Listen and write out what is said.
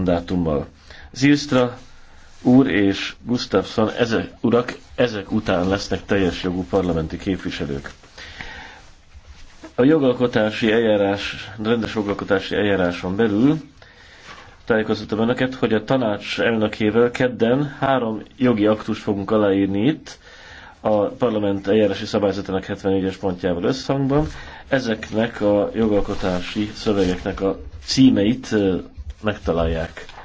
mandátummal. Zilstra úr és Gustafsson, ezek, urak, ezek után lesznek teljes jogú parlamenti képviselők. A jogalkotási eljárás, rendes jogalkotási eljáráson belül tájékoztatom önöket, hogy a tanács elnökével kedden három jogi aktust fogunk aláírni itt, a parlament eljárási szabályzatának 74-es pontjával összhangban. Ezeknek a jogalkotási szövegeknek a címeit megtalálják.